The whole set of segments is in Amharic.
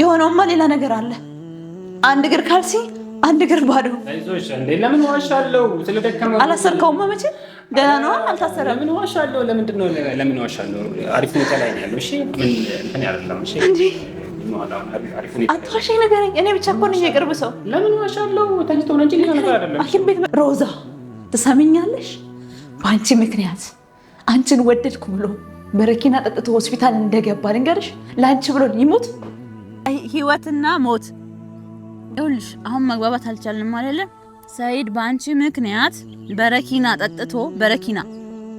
የሆነውማ ሌላ ነገር አለ። አንድ እግር ካልሲ አንድ እግር ባዶ። ለምን ዋሻለሁ? ስለደከመ አላሰርከውም። መቼ ደህና ነው። አልታሰረም። ለምን ዋሻለሁ? ለምንድን ነው ለምን ዋሻለሁ? አሪፍ ሁኔታ ላይ ነው ያለው። እሺ ምን እንትን ያደለም። እሺ እንዴ አትዋሻኝ፣ ንገረኝ። እኔ ብቻ እኮ ነኝ የቅርብ ሰው። ለምን ዋሻለሁ? ተኝቶ ነው እንጂ ሌላ አይደለም። ቤት ሮዛ፣ ትሰምኛለሽ? በአንቺ ምክንያት አንቺን ወደድኩ ብሎ በረኪና ጠጥቶ ሆስፒታል እንደገባ ልንገርሽ፣ ለአንቺ ብሎ ይሞት ህይወትና ሞት ይኸውልሽ። አሁን መግባባት አልቻልንም አይደለም? ሰይድ በአንቺ ምክንያት በረኪና ጠጥቶ በረኪና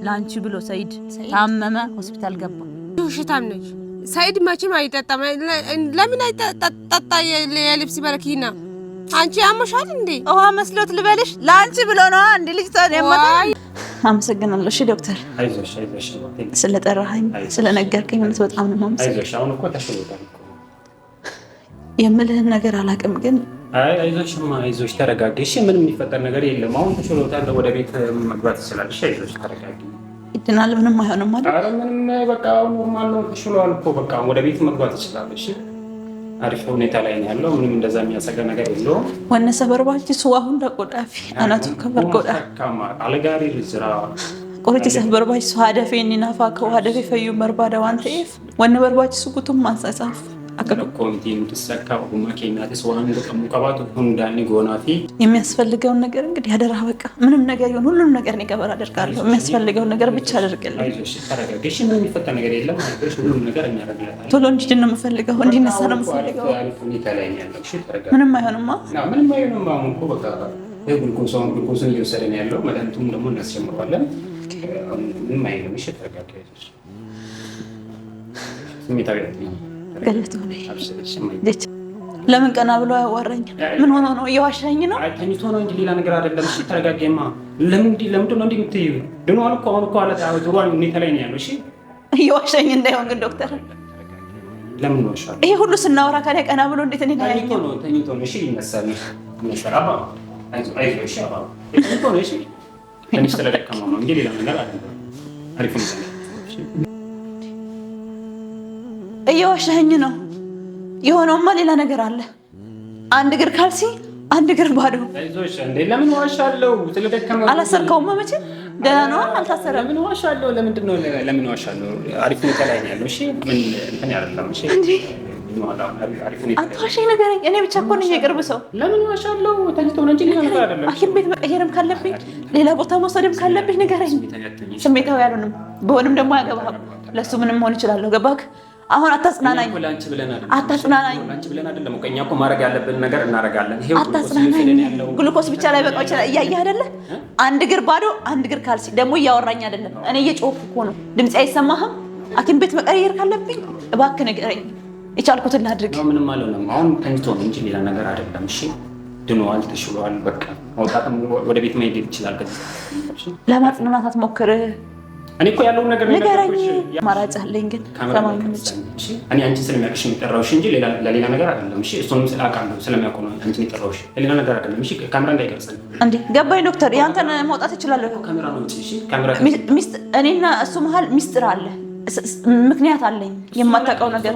ለአንቺ ብሎ ሰይድ ታመመ፣ ሆስፒታል ገባ። ሽታም ነች። ሰይድ መቼም አይጠጣም። ለምን አይጠጣ የልብስ በረኪና? አንቺ አመሻል እንዴ? ውሃ መስሎት ልበልሽ? ለአንቺ ብሎ ነዋ። እንዲ ልጅ አመሰግናለሁ። እሺ ዶክተር፣ ስለጠራኸኝ ስለነገርከኝ እውነት በጣም ነው ማመሰግን የምልህን ነገር አላውቅም ግን አይዞሽማ አይዞሽ ተረጋጊ። እሺ ምንም የሚፈጠር ነገር የለም። አሁን ተችሎታል፣ ወደ ቤት መግባት ይችላል። እሺ አይዞሽ ተረጋጊ። ይድናል፣ ምንም አይሆንም ማለት አረ ምንም በቃ አሁን ኖርማል ነው። ተችሏል እኮ በቃ ወደ ቤት መግባት ይችላል። እሺ አሪፍ ሁኔታ ላይ ነው ያለው። ምንም እንደዛ የሚያሰጋ ነገር የለውም። ወነ ሰበርባች ሱ አሁን ዳቆዳፊ አናቱ ከበር ቆዳ አለጋሪ ዝራ ቆርጭ ሰበርባች ሱ ሀደፌ እኒናፋ ከው ሀደፌ ፈዩ መርባዳ ፍ ወነ በርባች ሱ ጉቱም አንጸጻፍ የሚያስፈልገውን ነገር እንግዲህ አደራ በቃ ምንም ነገር ይሁን ሁሉም ነገር እኔ ገበር አደርጋለሁ። የሚያስፈልገውን ነገር ብቻ አደርግልኝ። ቶሎ እንዲድን ነው የምፈልገው፣ እንዲነሳ ነው የምፈልገው። ምንም አይሆንማ ግሉኮስን እየወሰደ ነው ያለው። መድኃኒቱም ደግሞ እናስጀምረዋለን። ምንም አይልም። እሺ ተረጋጋ። ስሜታዊ ለምን ቀና ብሎ አያዋራኝም? ምን ሆኖ ነው? እየዋሻኝ ነው? ተኝቶ ነው እንጂ ሌላ ነገር አይደለም። እሺ ተረጋጋማ። ለምን እንዲ ለምን ነው እንዲ የምትይዩ? ድኗል እኮ አሁን እኮ አለ ታውዙሩ ሁኔታ ላይ ነው ያለው። እሺ እየዋሻኝ እንዳይሆን ግን ዶክተር ለምን ነው ሻል ይሄ ሁሉ ስናወራ ካለ ቀና ብሎ እንዴት ነው ያለው? ተኝቶ ነው ተኝቶ ነው። እሺ ይነሳል ይነሳል። አባ አይዞህ አይዞህ። እሺ አባ ተኝቶ ነው። እሺ ትንሽ ስለደከመው ነው እንጂ ሌላ ነገር አይደለም። አሪፍ ነው። እየዋሸኸኝ ነው። የሆነውማ ሌላ ነገር አለ። አንድ እግር ካልሲ፣ አንድ እግር ባዶ። ለምን ዋሻለሁ? አላሰርከውማ መቼም ደህና ነው። አልታሰረም። ለምን ዋሻለሁ? ለምንድን ነው ለምን ዋሻለሁ? አሪፍ ሁኔታ ላይ ነው ያለው። እሺ፣ ምን እንትን አይደለም። እሺ እንዴ አትዋሸኝ፣ ንገረኝ። እኔ ብቻ እኮ ነኝ የቅርብ ሰው። ለምን ዋሻለሁ? ተኝቶ ነው እንጂ ሌላ ነገር አይደለም። ሐኪም ቤት መቀየርም ካለብኝ፣ ሌላ ቦታ መውሰድም ካለብኝ ንገረኝ። ስሜታዊ አልሆንም፣ ብሆንም ደግሞ አያገባህም። ለእሱ ምንም መሆን እችላለሁ። ገባህ? አሁን አታጽናናኝ፣ አታጽናናኝ። እኛ እኮ ማድረግ ያለብን ነገር እናደርጋለን። አታጽናናኝ። ግሉኮስ ብቻ ላይ በቃ ይችላል። እያየህ አይደለ? አንድ እግር ባዶ፣ አንድ እግር ካልሲ። ደግሞ እያወራኝ አይደለም፣ እኔ እየጮህኩ እኮ ነው። ድምፄ አይሰማህም? ሐኪም ቤት መቀየር ካለብኝ እባክህ ንገረኝ። የቻልኩትን ላድርግ። ምንም አልሆነም። አሁን ተኝቶ ነው እንጂ ሌላ ነገር አይደለም። እሺ ድኗል፣ ተሽሏል። በቃ መውጣትም ወደ ቤት መሄድ ይችላል። ከዚህ ለማጽናናት አትሞክር። እኔ እኮ ያለውን ነገር ነገረኝ። አማራጭ አለኝ ግን እኔ አንቺ ስለሚያውቅሽ የሚጠራውሽ እንጂ ለሌላ ነገር አይደለም። እሺ እሱንም ስለአውቃለሁ ስለሚያውቁ ነው አንቺ የሚጠራውሽ ለሌላ ነገር አይደለም። እሺ ካሜራ እንዳይገልጽ እንዴ? ገባኝ ዶክተር። ያንተን መውጣት እችላለሁ። ካሜራ ነው እሺ። ካሜራ እኔና እሱ መሀል ሚስጥር አለ ምክንያት አለኝ የማታውቀው ነገር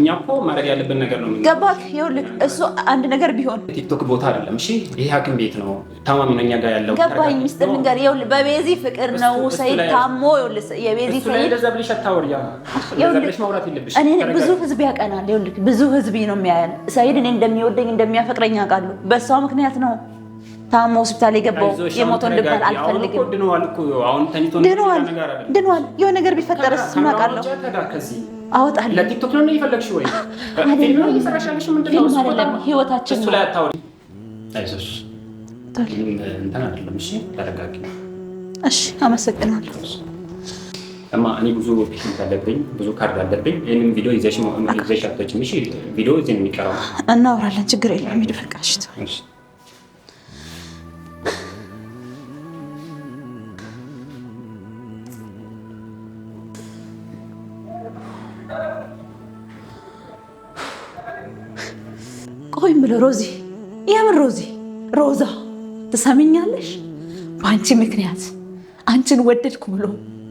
እኛ እኮ ማድረግ ያለብን ነገር ነው። ገባክ? ይኸውልህ እሱ አንድ ነገር ቢሆን ቲክቶክ ቦታ አይደለም። እሺ፣ ይሄ ሐኪም ቤት ነው። ታማሚ ነው እኛ ጋር ያለው። ገባኝ። ምስጢር ልንገር። ይኸውልህ በቤዚ ፍቅር ነው ሰይድ ታሞ። ይኸውልህ የቤዚ ሰይድ ብዙ ህዝብ ያቀናል። ይኸውልህ ብዙ ህዝብ ነው የሚያየን። ሰይድ እኔ እንደሚወደኝ እንደሚያፈቅረኝ አውቃለሁ። በእሷ ምክንያት ነው ታሞ ሆስፒታል የገባው የሞተውን እንድባል አልፈልግም። ድኗል፣ ድኗል። የሆነ ነገር ቢፈጠርስ እናውቃለሁ። አወጣለሁ። ህይወታችን እሺ፣ አመሰግናለሁ። እማ እኔ ብዙ አለብኝ፣ ብዙ ካርድ አለብኝ። ይህንም ቪዲዮ ይዘሽ ቪዲዮ እዚህ የሚቀረው። እናወራለን፣ ችግር የለም። በቃ እሺ። ሮዚ፣ የምን ሮዚ? ሮዛ ትሰምኛለሽ? በአንቺ ምክንያት አንቺን ወደድኩ ብሎ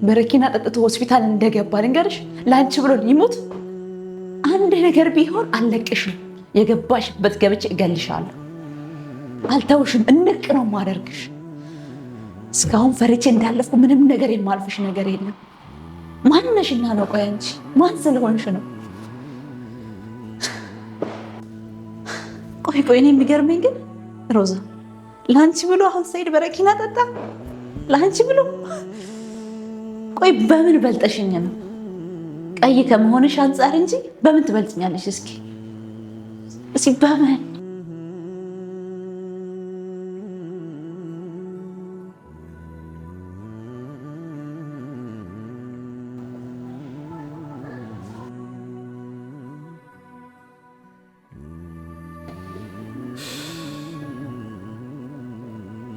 በረኪና ጠጥቶ ሆስፒታል እንደገባ ልንገርሽ፣ ለአንቺ ብሎ ይሞት አንድ ነገር ቢሆን አለቅሽም የገባሽበት ገብቼ እገልሻለሁ። አልተውሽም። እንቅ ነው ማደርግሽ። እስካሁን ፈርቼ እንዳለፍኩ ምንም ነገር የማልፍሽ ነገር የለም። ማነሽና ነው? ቆይ አንቺ ማን ስለሆንሽ ነው? ቆይ ቆይ፣ እኔ የሚገርመኝ ግን ሮዛ ለአንቺ ብሎ አሁን ሰይድ በረኪና ጠጣ። ለአንቺ ብሎ ቆይ፣ በምን በልጠሽኝ ነው? ቀይ ከመሆንሽ አንጻር እንጂ በምን ትበልጥኛለሽ? እስኪ እስኪ በምን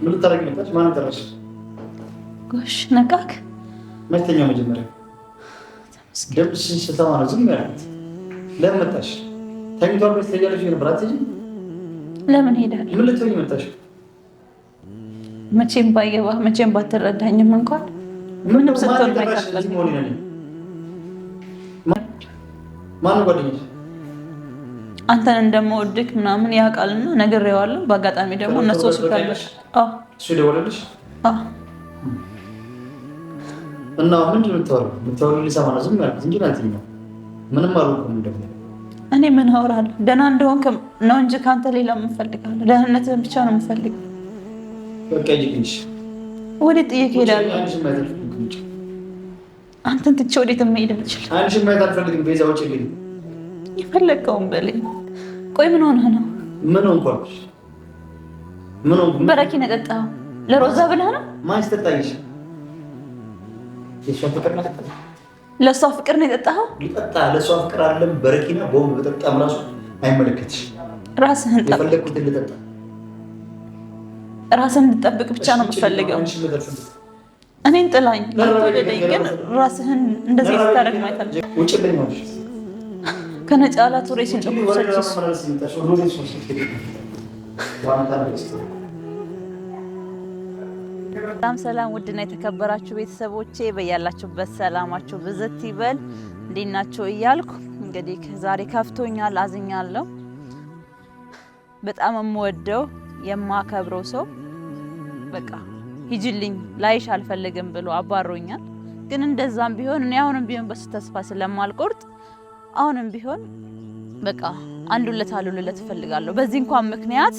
ምን ልታደርግ መጣች? ማን ጎሽ ነቃክ። መተኛው መጀመሪያ ስሰማ ነው ዝም ለምን መጣሽ? ተኝቷል ብለሽ ትሄጃለሽ ነበር። አትሄጂም? ለምን ሄዳለሁ? ምን ልትሆኝ መጣሽ? መቼም መቼም ባትረዳኝም እንኳን ምንም ስትሆን ጓደኛሽ? አንተን እንደምወድክ ምናምን ያውቃልና ነግሬዋለሁ። በአጋጣሚ ደግሞ እነሱ ወስዳለች። እሱ እና ምንድን ዝም እንጂ ምንም አልኩም። ደግሞ እኔ ምን አወራለሁ? ደህና እንደሆንክ ነው እንጂ ከአንተ ሌላ የምፈልጋለሁ። ደህንነትህን ብቻ ነው የምፈልግ። በቃ ይግንሽ። ወዴት ጥዬ እሄዳለሁ? አንተን ትቼ ወዴት መሄድ ምችል? አንቺን ማየት አልፈልግም ቤዛዎች ልኝ የፈለግከውን በለኝ። ቆይ ምን ሆነህ ነው? ምን ሆንኩ ምን ሆንኩ? በረኪ ነው የጠጣኸው? ለሮዛ ብለህ ነው? ማንስ ጠጣሽ? የእሷ ፍቅር ነው የጠጣኸው? ለእሷ ፍቅር ነው የጠጣኸው? ይጠጣ ለእሷ ፍቅር አለም። በረኪና በሆን በጠጣም ራሱ አይመለከትሽ። ራስህን ጠብቅ። ልጠጣ ራስህን እንድጠብቅ ብቻ ነው የምፈልገው። እኔን ጥላኝ ግን ራስህን እንደዚህ ስታደርግ ማየት አለ ውጭ ከነጭ አላት ሲጨቁሰችስ ሰላም ሰላም፣ ውድና የተከበራችሁ ቤተሰቦቼ በያላችሁበት ሰላማችሁ ብዝት ይበል። እንዴት ናቸው እያልኩ እንግዲህ ዛሬ ከፍቶኛል፣ አዝኛለሁ። በጣም የምወደው የማከብረው ሰው በቃ ሂጅልኝ ላይሽ አልፈልግም ብሎ አባሮኛል። ግን እንደዛም ቢሆን እኔ አሁንም ቢሆን በሱ ተስፋ ስለማልቆርጥ አሁንም ቢሆን በቃ አንድ ሁለት አልሁለት እፈልጋለሁ። በዚህ እንኳን ምክንያት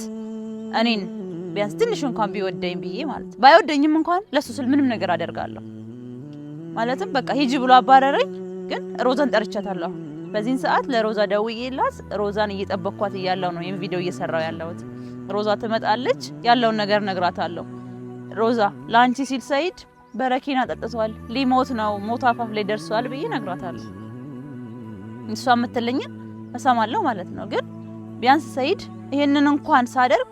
እኔን ቢያንስ ትንሽ እንኳን ቢወደኝ ብዬ ማለት ባይወደኝም እንኳን ለሱ ስል ምንም ነገር አደርጋለሁ። ማለትም በቃ ሂጂ ብሎ አባረረኝ፣ ግን ሮዛን ጠርቻታለሁ። በዚህን ሰዓት ለሮዛ ደውዬላት ሮዛን እየጠበቅኳት እያለው ነው ይህን ቪዲዮ እየሰራው ያለሁት። ሮዛ ትመጣለች፣ ያለውን ነገር ነግራታለሁ። ሮዛ ለአንቺ ሲል ሰይድ በረኪና ጠጥቷል፣ ሊሞት ነው፣ ሞት አፋፍ ላይ ደርሷል ብዬ ነግራታለሁ። እሷ የምትለኝን እሰማለሁ ማለት ነው። ግን ቢያንስ ሰይድ ይሄንን እንኳን ሳደርግ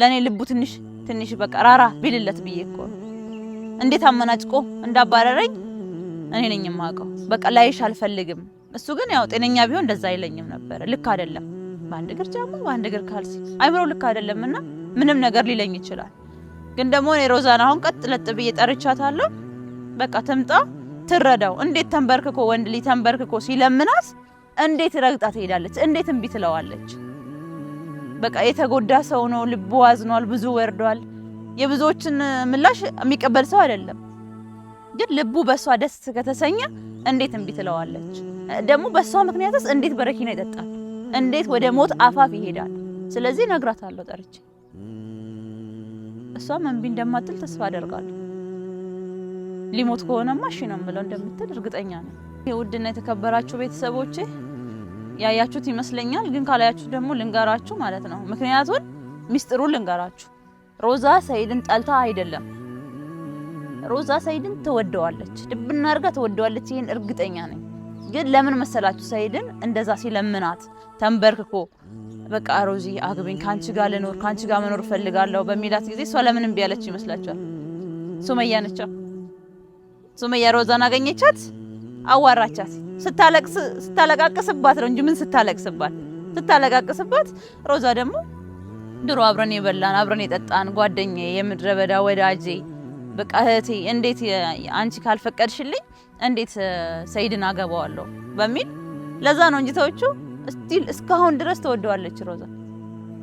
ለእኔ ልቡ ትንሽ ትንሽ በቃ ራራ ቢልለት ብዬ እኮ እንዴት አመናጭቆ እንዳባረረኝ እኔ ነኝ የማውቀው። በቃ ላይሽ አልፈልግም። እሱ ግን ያው ጤነኛ ቢሆን እንደዛ አይለኝም ነበረ። ልክ አይደለም። በአንድ እግር ጫማ፣ በአንድ እግር ካልሲ፣ አይምሮ ልክ አይደለም እና ምንም ነገር ሊለኝ ይችላል። ግን ደግሞ እኔ ሮዛን አሁን ቀጥ ለጥ ብዬ ጠርቻታለሁ። በቃ ትምጣ ትረዳው እንዴት ተንበርክኮ ወንድ ልጅ ተንበርክኮ ሲለምናት እንዴት ረግጣ ትሄዳለች? እንዴት እምቢ ትለዋለች? በቃ የተጎዳ ሰው ነው። ልቡ አዝኗል፣ ብዙ ወርዷል። የብዙዎችን ምላሽ የሚቀበል ሰው አይደለም። ግን ልቡ በእሷ ደስ ከተሰኘ እንዴት እምቢ ትለዋለች? ደግሞ በእሷ ምክንያትስ እንዴት በረኪና ይጠጣል? እንዴት ወደ ሞት አፋፍ ይሄዳል? ስለዚህ ነግራታለሁ ጠርቼ፣ እሷም እምቢ እንደማትል ተስፋ አደርጋለሁ። ሊሞት ከሆነማ እሺ ነው ብለው እንደምትል እርግጠኛ ነው። የውድና የተከበራችሁ ቤተሰቦች ያያችሁት ይመስለኛል፣ ግን ካላያችሁት ደግሞ ልንገራችሁ ማለት ነው። ምክንያቱን ሚስጥሩ ልንገራችሁ። ሮዛ ሰይድን ጠልታ አይደለም። ሮዛ ሰይድን ትወደዋለች፣ ድብና አርጋ ትወደዋለች። ይህን እርግጠኛ ነኝ። ግን ለምን መሰላችሁ? ሰይድን እንደዛ ሲለምናት ተንበርክኮ በቃ ሮዚ አግብኝ፣ ከአንቺ ጋር ልኖር፣ ከአንቺ ጋር መኖር እፈልጋለሁ በሚላት ጊዜ እሷ ለምን እምቢ ያለች ይመስላችኋል? ሱመያ ሱመያ ሮዛን አገኘቻት፣ አዋራቻት። ስታለቅስ ስታለቃቅስባት ነው እንጂ ምን ስታለቅስባት ስታለቃቅስባት። ሮዛ ደግሞ ድሮ አብረን የበላን አብረን የጠጣን ጓደኛዬ፣ የምድረ በዳ ወዳጄ፣ በቃ እህቴ፣ እንዴት አንቺ ካልፈቀድሽልኝ እንዴት ሰይድን አገባዋለሁ በሚል ለዛ ነው እንጂ ተወቹ ስቲል እስካሁን ድረስ ተወደዋለች ሮዛ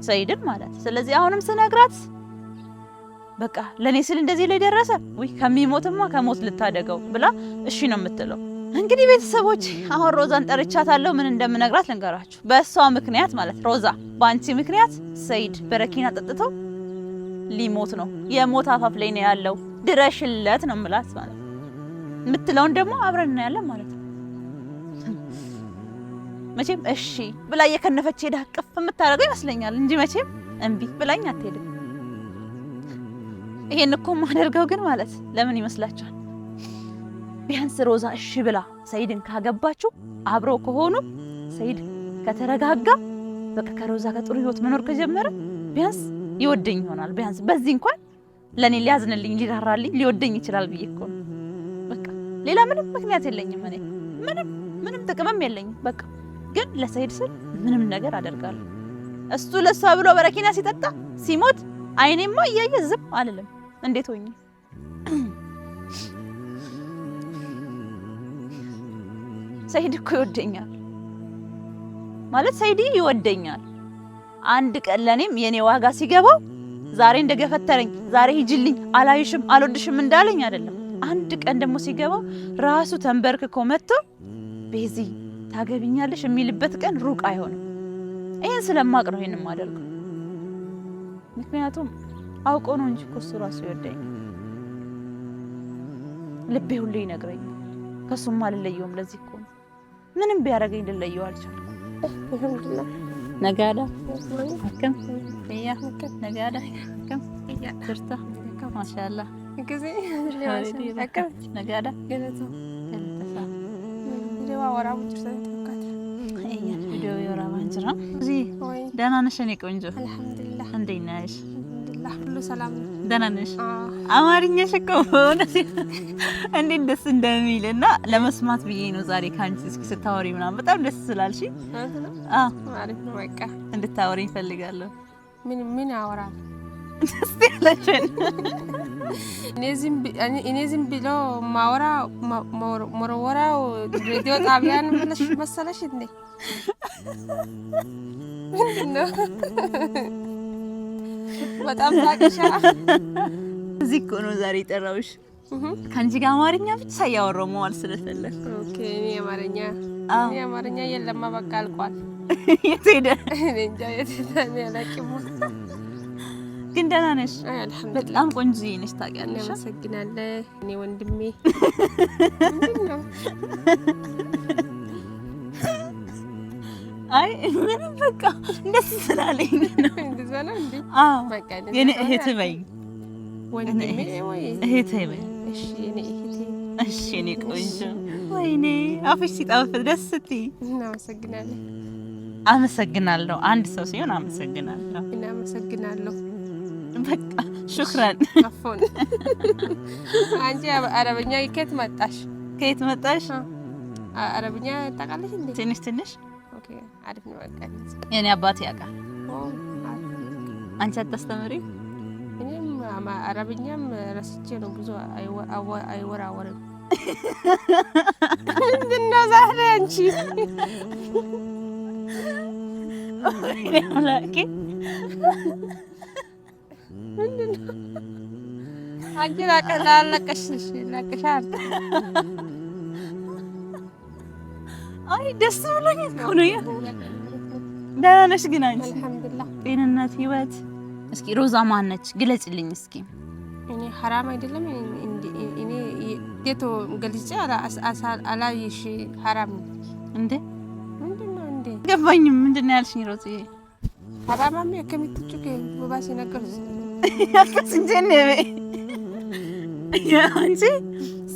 ሰይድን ማለት። ስለዚህ አሁንም ስነግራት በቃ ለእኔ ስል እንደዚህ ላይ ደረሰ ወይ ከሚሞትማ ከሞት ልታደገው ብላ እሺ ነው የምትለው። እንግዲህ ቤተሰቦች አሁን ሮዛን ጠርቻታለሁ። ምን እንደምነግራት ልንገራችሁ። በእሷ ምክንያት ማለት ሮዛ፣ በአንቺ ምክንያት ሰይድ በረኪና ጠጥቶ ሊሞት ነው፣ የሞት አፋፍ ላይ ነው ያለው፣ ድረሽለት ነው ምላት ማለት የምትለውን ደግሞ አብረን እናያለን ማለት ነው። መቼም እሺ ብላ እየከነፈች ሄዳ ቅፍ የምታደርገው ይመስለኛል እንጂ መቼም እምቢ ብላኝ አትሄድም። ይሄን እኮ ማደርገው ግን ማለት ለምን ይመስላችኋል? ቢያንስ ሮዛ እሺ ብላ ሰይድን ካገባችሁ አብሮ ከሆኑ ሰይድ ከተረጋጋ በቃ ከሮዛ ከጥሩ ህይወት መኖር ከጀመረ ቢያንስ ይወደኝ ይሆናል። ቢያንስ በዚህ እንኳን ለእኔ ሊያዝንልኝ፣ ሊራራልኝ፣ ሊወደኝ ይችላል ብዬ እኮ ነው። በቃ ሌላ ምንም ምክንያት የለኝም። እኔ ምንም ምንም ጥቅምም የለኝም። በቃ ግን ለሰይድ ስል ምንም ነገር አደርጋለሁ። እሱ ለሷ ብሎ በረኪና ሲጠጣ ሲሞት አይኔማ እያየ ዝም አልልም። እንዴት ሆኝ ሰይድ እኮ ይወደኛል ማለት ሰይድ ይወደኛል። አንድ ቀን ለእኔም የኔ ዋጋ ሲገባው ዛሬ እንደገፈተረኝ ዛሬ ሂጅልኝ አላይሽም አልወድሽም እንዳለኝ አይደለም። አንድ ቀን ደግሞ ሲገባው ራሱ ተንበርክኮ መጥቶ ቤዚ ታገቢኛለሽ የሚልበት ቀን ሩቅ አይሆንም። ይህን ስለማቅ ነው ይህን ማደርገው። ምክንያቱም አውቆ ነው እንጂ እኮ እሱ ራሱ ይወደኝ። ልቤ ሁሉ ይነግረኝ። ከሱም አልለየውም። ለዚህ እኮ ምንም ቢያደርገኝ ልለየው አልቻል። ነጋዳ ከም እያ ነጋዳ ከም እያ ትርታ ማሻላ ጊዜ ነጋዳ ገለቶ ገለቶ ወራቡ ትርታ ስራ ደህና ነሽ? እኔ ቆንጆ እንዴት ነሽ? ደህና ነሽ? አማርኛሽ እኮ በእውነት እንዴት ደስ እንደሚል እና ለመስማት ብዬ ነው ዛሬ ከአንቺ እስኪ ስታወሪ ምናምን በጣም ደስ ስላልሽ እንድታወሪ እፈልጋለሁ። ምን ምን አወራለሁ ያለችን እኔ ዝም ብሎ ማወራ መወራው ሬዲዮ ጣቢያን መሰለሽ እንዴ? በጣም ታቅሻ። እዚህ እኮ ነው ዛሬ የጠራሁሽ ከአንቺ ጋር አማርኛ ብቻ እያወራሁ መዋል ስለፈለግ። እኔ አማርኛ እኔ አማርኛ የለማ በቃ አልቋል። የት ሄደ? እኔ እንጃ የት ሄደ? እኔ አላውቅም። ግን ደህና ነሽ? በጣም ቆንጆዬ ነሽ። ታውቂያለሽ? አመሰግናለሁ። እኔ ወንድሜ አይ ምንም በቃ እንደስ ስላለኝ ነው። እህት በይ፣ ወንድሜ እህት በይ። እሺ እኔ ቆንጆ። ወይኔ አፍሽ ሲጣፍጥ ደስ ስትይ። አመሰግናለሁ። አመሰግናለሁ። አንድ ሰው ሲሆን አመሰግናለሁ። አመሰግናለሁ። በቃ ሹክራን አፎን አንቺ አረብኛ ከየት መጣሽ? ከየት መጣሽ? አረብኛ ታውቃለሽ እንዴ? ትንሽ ትንሽ። ኦኬ አሪፍ ነው። በቃ የኔ አባት ያውቃል። አንቺ አታስተምሪ? እኔም አረብኛም ረስቼ ነው ብዙ አይወራወርም። ምንድን ነው ዛሬ አንቺ ላቄ አንቺ ላለቀሽ ላቀሻል። አይ ደስ ብሎኝ እኮ ነው። ደህና ነሽ ግን አንቺ? አልሐምዱሊላህ ጤንነት፣ ህይወት። እስኪ ሮዛ ማነች? ግለጽልኝ እስኪ። እኔ ሐራም አይደለም እኔ ጌቶ ገልጬ አላየሽ ሐራም እንዴ? ምንድነው እንዴ? ገባኝም ያልሽኝ ሮዛ? ሐራማም ከምትጩ ባሴ ነገር ያልከስ እንጀን አንቺ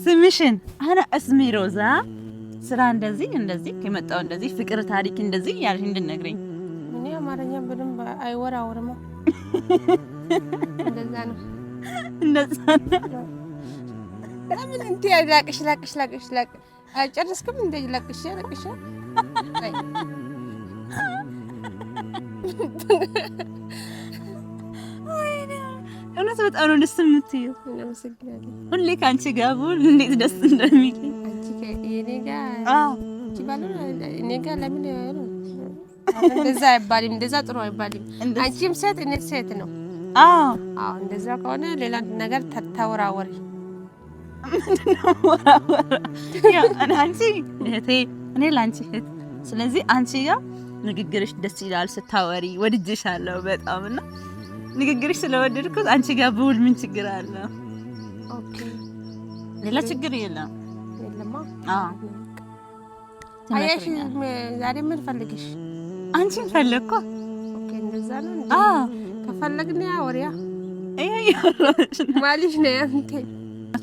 ስምሽን አነ እስሜ ሮዛ ስራ እንደዚህ እንደዚህ የመጣው እንደዚህ ፍቅር ታሪክ እንደዚህ ያልሽ እንድነግረኝ። እኔ አማርኛ በደንብ አይወራወርም። እንደዛ ነው እንደዛ ነው። ለምን እንዴ ላቅሽ ላቅሽ ላቅሽ ላቅ አጨርስክም እንዴ ላቅሽ ላቅሽ እውነት በጣም ነው ደስ የምትይው። ሁሌ ከአንቺ ጋር ብሆን እንዴት ደስ እንደሚል እንደዛ አይባልም፣ እንደዛ ጥሩ አይባልም። አንቺም ሴት እኔ ሴት ነው። አዎ አዎ፣ እንደዛ ከሆነ ሌላ ነገር ተወራወሪ አንቺ እህቴ፣ እኔ ለአንቺ እህት። ስለዚህ አንቺ ጋር ንግግርሽ ደስ ይላል ስታወሪ፣ ወድጄሻለሁ በጣም እና ንግግርሽ ስለወደድኩት አንቺ ጋር ብውል ምን ችግር አለ? ሌላ ችግር የለም። አያሽ ዛሬ ምን ፈልግሽ? አንቺን ፈለግኩ። ከፈለግን ያ ወሪያ ማልሽ ነው ያንተ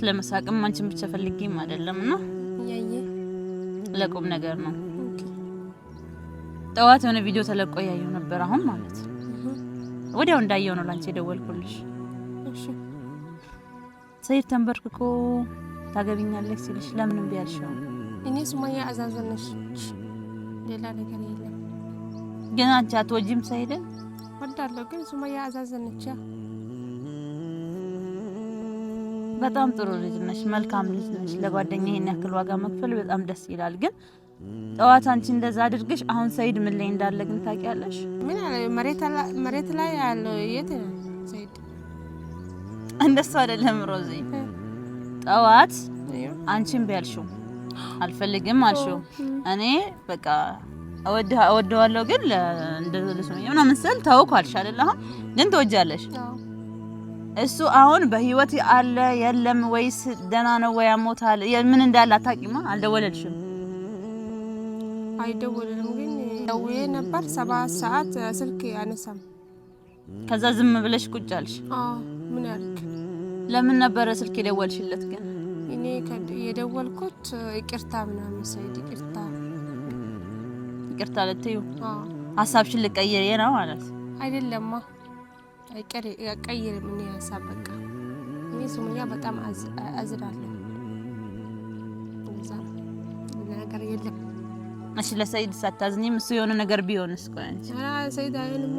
ለመሳቅም አንቺን ብቻ ፈልጌም አይደለም እና ለቁም ነገር ነው። ጠዋት የሆነ ቪዲዮ ተለቆ ያየው ነበር አሁን ማለት ነው ወዲያው እንዳየው ነው ላንቺ የደወልኩልሽ። ሰይድ ተንበርክኮ ታገቢኛለሽ ሲልሽ ለምን እምቢ አልሽው? እኔ ሱማያ አዛዘነሽ ሌላ ነገር የለም። ግን አንቺ አትወጂም ሰይድን? ወዳለሁ ግን ሱማያ አዛዘነች። በጣም ጥሩ ልጅ ነሽ፣ መልካም ልጅ ነሽ። ለጓደኛ ይሄን ያክል ዋጋ መክፈል በጣም ደስ ይላል ግን ጠዋት አንቺ እንደዛ አድርገሽ አሁን ሰይድ ምን ላይ እንዳለ ግን ታውቂያለሽ? ምን መሬት ላይ ያለው የት ሰይድ? እንደሱ አይደለም ሮዚ። ጠዋት አንቺን ቢያልሽው አልፈልግም አልሽው። እኔ በቃ እወደዋለሁ ግን እንደዚህ ምናምን ስል ተውኩ አልሽ አይደል? አሁን ግን ትወጃለሽ። እሱ አሁን በህይወት አለ የለም ወይስ ደህና ነው ወይ ያሞታል? ምን እንዳለ አታውቂማ፣ አልደወለልሽም አይደወልም። ግን ደውዬ ነበር ሰባት ሰዓት ስልክ አነሳም። ከዛ ዝም ብለሽ ቁጭ አልሽ። ምን ያልክ? ለምን ነበረ ስልክ የደወልሽለት? ግን እኔ የደወልኩት ይቅርታ ምናምን ሰይድ ይቅርታ ይቅርታ ልትዩ ሀሳብሽን ልቀይሬ ነው ማለት አይደለማ። ቀይርም እኔ ሀሳብ በቃ እኔ ሱሙያ በጣም አዝራለሁ። ነገር የለም እሺ ለሰይድ ሳታዝኝም እሱ የሆነ ነገር ቢሆንስ? ቆይ አንቺ ኧረ ሰይድ አይሆንማ።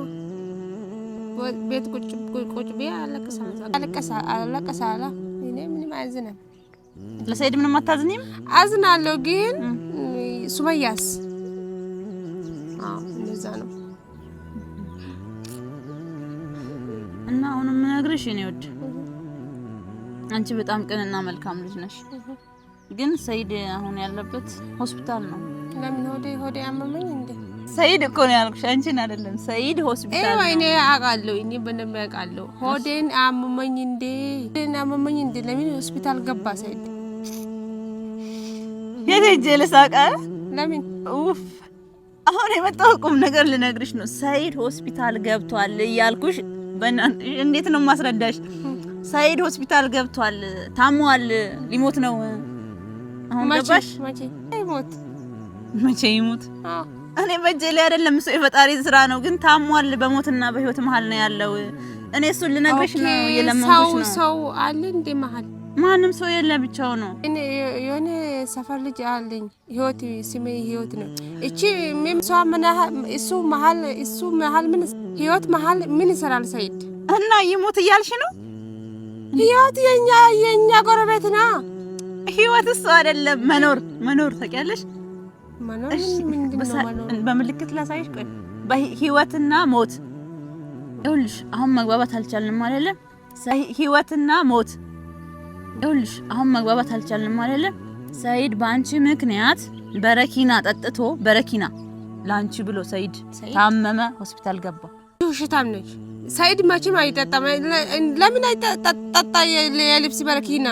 ቤት ቁጭ ቁጭ ቢያ አለቀሳ አለቀሳ አለቀሳለሁ። እኔ ምንም አያዝንም። ለሰይድ ምንም አታዝኝም? አዝናለሁ፣ ግን ሱመያስ እንደዛ ነው እና አሁን የምነግርሽ እኔ ወድ አንቺ በጣም ቅንና መልካም ልጅ ነሽ፣ ግን ሰይድ አሁን ያለበት ሆስፒታል ነው ለምን ሆዴ ሆዴ አመመኝ እንዴ? ሰይድ እኮ ነው ያልኩሽ፣ አንቺን አይደለም። ሰይድ ሆስፒታል ነው። እኔ አውቃለሁ፣ እኔ በደንብ አውቃለሁ። ሆዴን አመመኝ እንዴ? ሆዴን አመመኝ እንዴ? ለምን ሆስፒታል ገባ ሰይድ? የት ሂጅ ልሳቀ? ለምን ኡፍ አሁን የመጣው ቁም ነገር ልነግርሽ ነው። ሰይድ ሆስፒታል ገብቷል እያልኩሽ፣ እንዴት ነው ማስረዳሽ? ሰይድ ሆስፒታል ገብቷል፣ ታሟል፣ ሊሞት ነው። አሁን ገባሽ? ሞት መቼ ይሙት እኔ በእጄ ላይ አይደለም። ሰው የፈጣሪ ስራ ነው። ግን ታሟል። በሞትና በህይወት መሀል ነው ያለው። እኔ እሱን ልነግርሽ ነው የለመንኩሽ ነው። ሰው አለ እንደ መሀል ማንም ሰው የለ፣ ብቻው ነው። የሆነ ሰፈር ልጅ አለኝ። ህይወት ስሜ ህይወት ነው። እቺ ሷ እሱ መሀል እሱ መሀል ምን ህይወት መሀል ምን ይሰራል? ሰይድ እና ይሙት እያልሽ ነው? ህይወት የኛ የኛ ጎረቤት ና ህይወት እሱ አይደለም መኖር መኖር ታውቂያለሽ በምልክት ላሳይሽ። ቆይ በህይወትና ሞት ይኸውልሽ፣ አሁን መግባባት አልቻልንም አይደለ? ህይወትና ሞት ይኸውልሽ፣ አሁን መግባባት አልቻልንም አይደለ? ሰይድ በአንቺ ምክንያት በረኪና ጠጥቶ በረኪና ለአንቺ ብሎ ሰይድ ታመመ፣ ሆስፒታል ገባ። ሽታም ነች። ሰይድ መቼም አይጠጣም። ለምን አይጠጣ የልብስ በረኪና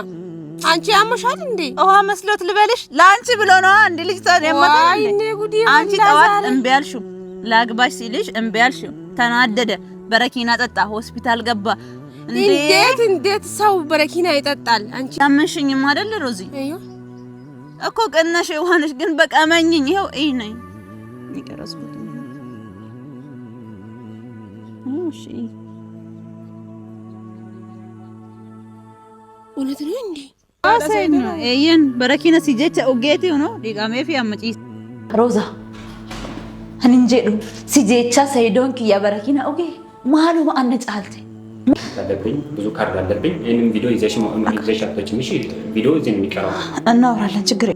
አንቺ ያመሻል እንዴ? ውሃ መስሎት ልበልሽ? ለአንቺ ብሎ ነዋ። አንድ ልጅ አንቺ ጠዋት እምቢ አልሽው፣ ላግባሽ ሲልሽ እምቢ አልሽው። ተናደደ፣ በረኪና ጠጣ፣ ሆስፒታል ገባ። እንዴት እንዴት ሰው በረኪና ይጠጣል? አንቺ ያመንሽኝም አይደል ሮዚ? እኮ ቀናሽ ውሃንሽ ግን በቃ መኝኝ። ይኸው እይ ነኝ የቀረጽኩት እውነት ነው እንዴ? Haasa'inno eeyyan bara kinas jecha ogeeti uno dhiqamee fi amma ciisa. Rooza anin jedhu si jecha saydoon kiyya bara kina ogee maaluma anna caalte. አለብኝ ብዙ ካርድ አለብኝ። ይህንም ቪዲዮ ይዘሽ መሆን ይዘሽ አትወጪም። እሺ ቪዲዮ እዚህ ነው የሚቀረው። እናወራለን ችግር